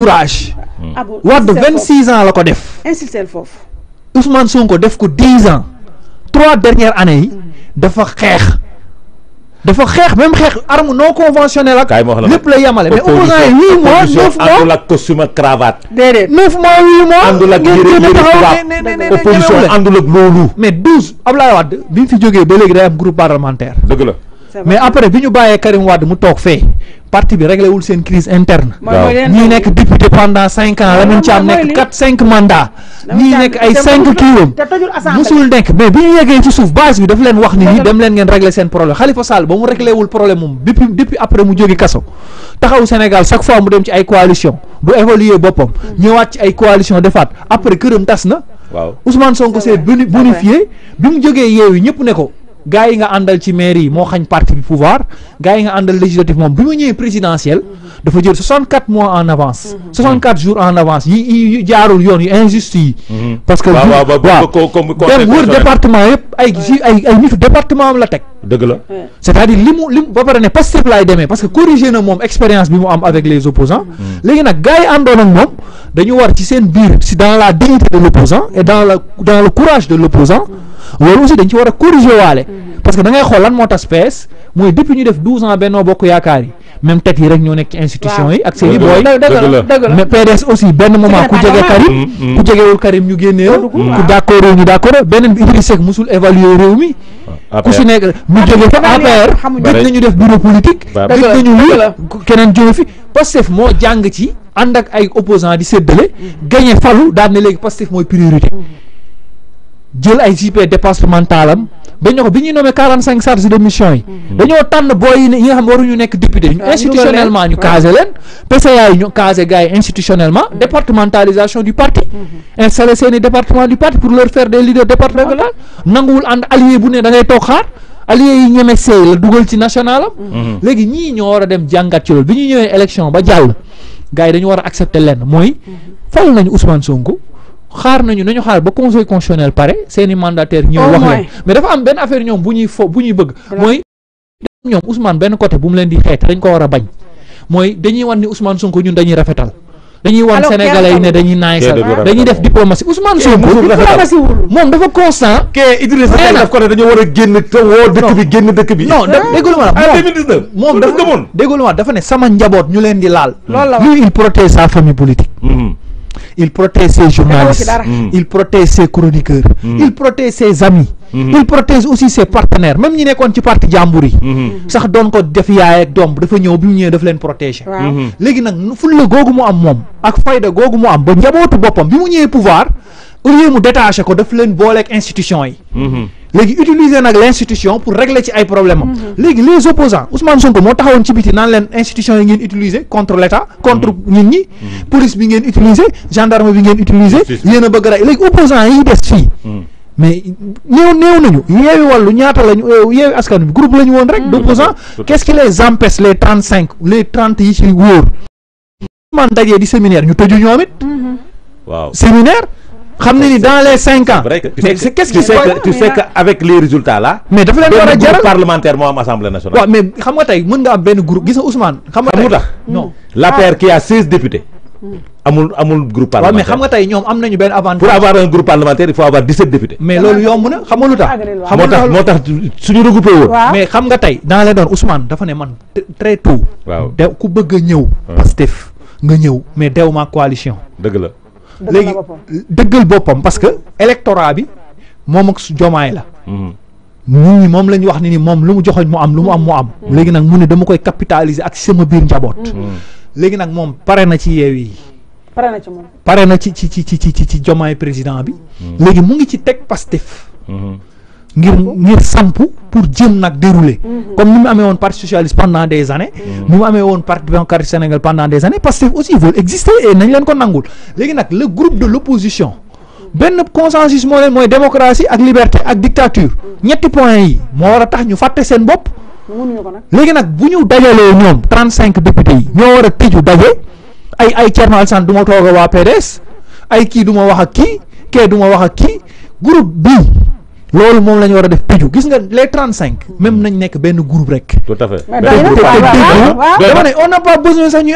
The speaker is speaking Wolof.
courage. Hmm. Ah, vingt 26 ans la ko def. insulté foofu. Ousmane Sonko def ko 10 ans trois dernières année yi hmm. dafa xeex dafa xeex même xeex arme non conventionnelle ak. lépp la yemale mais opposant yi 8 mois 9 mois àndul ak costume ak cravate. déedéet 9 mois 8 mois. àndul ak ak loolu. mais 12 Abdoulaye Wade bi mu fi jógee ba léegi day am groupe parlementaire. dëgg la. mais après bi ñu bàyyee Karim Wade mu toog fee parti bi réglé seen crise interne. ñii nekk député pendant cinq ans Lamine Thiam nekk quatre cinq mandats. ñii nekk ay cinq kiiwam musul nekk mais bi ñu yeggee ci suuf base bi daf leen wax ni ñi dem leen ngeen réglé seen problème Khalifa Sall ba mu réglé wul problème moom depuis depuis après mu jóge kaso taxaw Sénégal chaque fois mu dem ci ay coalition du évoluer boppam hmm. ñëwaat ci ay coalition defaat après këram tas na. waaw Ousmane Sonko s'est bonifié bi mu jógee yeewu ñëpp ne ko. gars yi nga andal ci maire yi moo parti bi pouvoir gars yi nga andal législatif moom bi mu ñëwee présidentiel dafa jël 64 mois en avance 64 jours en avance yi yu jaarul yoon yu injuste mhm. parce que waaw dem wër département yëpp ay ay ay département am la teg dëgg la c'est-à-dire li mu li mu ba pare ne parce que corrigé na moom expérience bi am avec les opposants mhm. léegi nag gars yi àndoon ak moom dañu war ci seen biir si dans la dignité de l'opposant et dans la dans le courage de l'opposant loolu aussi dañ ci war a corriger waale mhm. parce que da ngay xool lan moo tas PS mooy depuis ñu def douze ans Benno Bokk Yaakaar yi même teg yi rek ñoo nekk ci institution yi ak seen i booy mais PDS aussi benn moment ku jege Karim mm, mm. ku jegewul Karim ñu génnee ku d'accord ñu d'accord beneen bi Idriss Seck mosul évaluer réew mi ah, ku si nekk ñu jóge fa APR gëj nañu def bureau politique gëj nañu wii keneen jóge fi Pastef jàng ci ànd ak ay opposants di séddale mhm. gagné falu daan ne léegi Pastef mooy jël ay JP départemental am ko bi ñuy nommé quarante cinq chargés de mission yi mhm. dañoo tànn booy yi nga xam waruñu nekk député ñu ah, institutionnellement ñu casé leen PCA yi ñu casé gars yi institutionnellement mhm. du parti mhm. installé seen i département du parti pour leur faire des leaders départementaux nanguwul ànd allié bu ne da toog xaar allié yi ñeme seey la dugal ci national léegi ñii ñoo war a dem jàngat ci loolu bi ñuy ñëwee élection ba jàll gars yi dañu war a accepter lenn mooy fal nañu Ousmane Sonko xaar nañu nañu xaar ba conseil constitutionnel pare seeni mandataire ñoo oh wax leen mais dafa am benn affaire ñoom bu ñuy fo bu ñuy bëgg mooy ñoom Ousmane benn côté bu mu leen di xeet dañ ko war a bañ mooy dañuy wan ni sun ko ñun dañuy rafetal dañuy wan sénégalais yi ne dañuy naay sal dañuy def diplomatie Ousmane eh, Sonko moom dafa constant kee Idrissa dañoo war a génn te dëkk bi génn dëkk bi non ah. déggul ma la ah, moom dafa déggul ma dafa ne sama njaboot ñu leen di laal lui il protège sa famille politique mm-hmm. il protège ses journalistes il protège ses chroniqueurs mm. il protège ses amis mm-hmm. il protège aussi ses partenaires même si tu ci parti Jambouri, mm-hmm. sax fait ko def avec ak dom, dafa fait protéger mm-hmm. am ak fayda am ba bi pouvoir au léegi utiliser nag l' institution pour régler ci ay problème am mhm. léegi les opposants Ousmane Sonko moo taxawoon ci biti naan leen institution yi ngeen utiliser contre l' état contre mhm. nit ñi mhm. police bi ngeen utiliser gendarme bi ngeen utiliser yéen a bëgg rey léegi opposants yi des fii mais néew néew nañu yeewi wàllu ñaata lañu euh, yeewi askan bi groupe la woon rek d' opposants qu' est ce qui les empêche les trente cinq les trente yi ci wóor Ousmane dajee ñu tëju ñoom it waaw séminaire xam ni dans les cinq ans. mais qu'est-ce qui que tu sais que avec les résultats là. mais dafa leen war parlementaire moi, am assemblée nationale. mais xam nga tey mën nga am benn groupe gis Ousmane. xam nga tey mm. non. Ah. paire qui a seize députés. Mm. amul amul groupe parlementaire mais xam nga tey ñoom am nañu benn avantage. pour avoir un groupe parlementaire il faut avoir 17 députés. mais loolu yomb na xam nga lu tax. xam nga moo tax suñu regroupé woon. mais xam nga tey dans les doon Ousmane dafa ne man très tôt. de ku bëgg a ñëw. Pastef nga ñëw mais dew coalition. dëgg la. léegi dëggal boppam parce que électorat bi moom ak jomaay la mm-hmm. nit ñi moom la wax ni ni moom lu mu joxoñ mu am lu mu am mu am mm-hmm. léegi nag mu ne dama koy capitaliser ak sama biir njaboot mm-hmm. léegi nag moom pare na ci yeew yi pare na ci moom pare na ci ci ci ci ci ci jomaay président bi léegi mu ngi ci teg Pastef ngir ngir pour dérouler mhm. comme nous avons parti socialiste pendant des années nous avons eu parti Sénégal pendant des années parce que aussi ils veulent exister et le groupe de l'opposition le consensus démocratie ak liberté ak dictature ñetti yi tax ñu faté sen bop légui députés ñoo ay ay chairman nous avons PDS ay ki du wax ak wax groupe bi loolu moom la ñu war a def péju gis nga les trente cinq même nañ nekk benn groupe rek. tout ne on n'a pas besoin sax ñuy